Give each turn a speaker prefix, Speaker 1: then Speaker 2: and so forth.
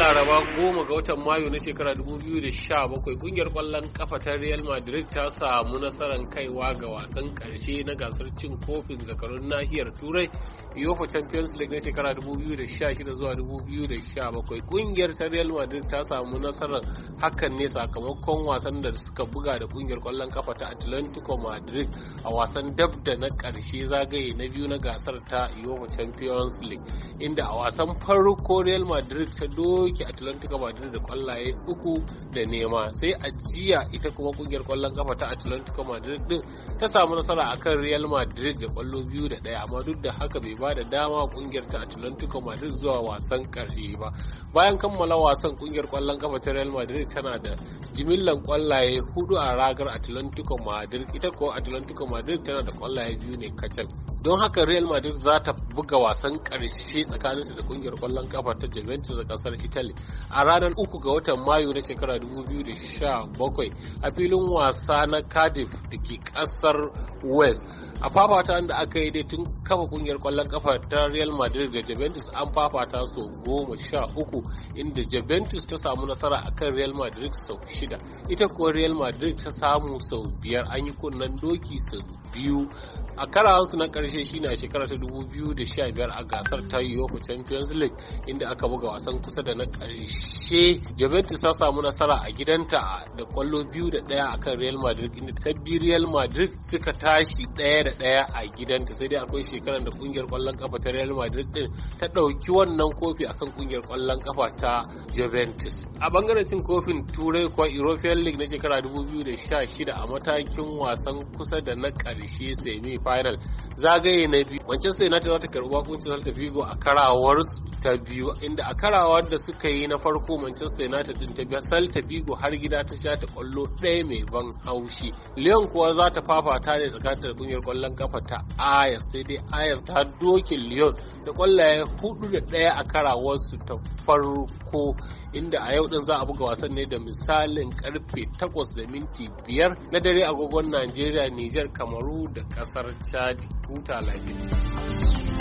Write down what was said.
Speaker 1: laraba goma ga watan mayu na shekara 2017 kungiyar kwallon kafa ta real madrid ta samu nasarar kaiwa ga wasan karshe na gasar cin kofin zakarun nahiyar turai yofa champions league na shekara 2016 zuwa 2017 kungiyar ta real madrid ta samu nasarar hakan ne sakamakon wasan da suka buga da kungiyar kwallon kafa ta atlantico madrid a wasan dab da na karshe zagaye na biyu na gasar ta yofa champions league inda a wasan farko real madrid ta doke atlantica madrid da kwallaye uku da nema sai a jiya ita kuma kungiyar kwallon kafa ta atlantica madrid din ta samu nasara akan real madrid da kwallo biyu da daya amma duk da haka bai ba da dama kungiyar ta atlantica madrid zuwa wasan karshe ba bayan kammala wasan kungiyar kwallon kafa ta real madrid tana da jimillan kwallaye hudu a ragar atlantico madrid ita ko atlantico madrid tana da kwallaye biyu ne kacal don haka real madrid za ta buga wasan karshe su da kungiyar kwallon kafa ta Juventus da kasar Italy a ranar uku ga watan Mayu na shekara 2017 a filin wasa na Cardiff da ke kasar West. a fafata da aka yi dai tun kafa kungiyar kwallon kafa ta real madrid da juventus an fafata su goma sha uku inda juventus ta samu nasara akan real madrid sau shida ita kuwa real madrid ta samu sau biyar an yi kunnen doki sau biyu a su na karshe shine a shekara ta 2015 a gasar ta UEFA Champions League inda aka buga wasan kusa da na karshe Juventus ta samu nasara a gidanta da kwallo biyu da daya akan Real Madrid inda ta bi Real Madrid suka tashi daya da da ɗaya a gidanta sai dai akwai shekarar da kungiyar kwallon kafa ta Real Madrid din ta ɗauki wannan kofi akan kungiyar kwallon kafa ta Juventus. A bangaren cin kofin Turai kuwa European League na shekara 2016 a matakin wasan kusa da na ƙarshe semi final zagaye na biyu. Manchester United za ta karɓi wakuncin Celta Vigo a karawarsu ta biyu inda a karawar da suka yi na farko Manchester United din ta biya Celta Vigo har gida ta sha ta kwallo ɗaya mai ban haushi. leon kuwa za ta fafata ne tsakanin kungiyar kwallon kwallon kafa ta Ayers sai dai Ayers ta doke lyon da kwallaye hudu da daya a karawarsu ta farko inda a yau din za a buga wasan ne da misalin karfe 8 da minti 5 na dare agogon najeriya niger kamaru da kasar chad huta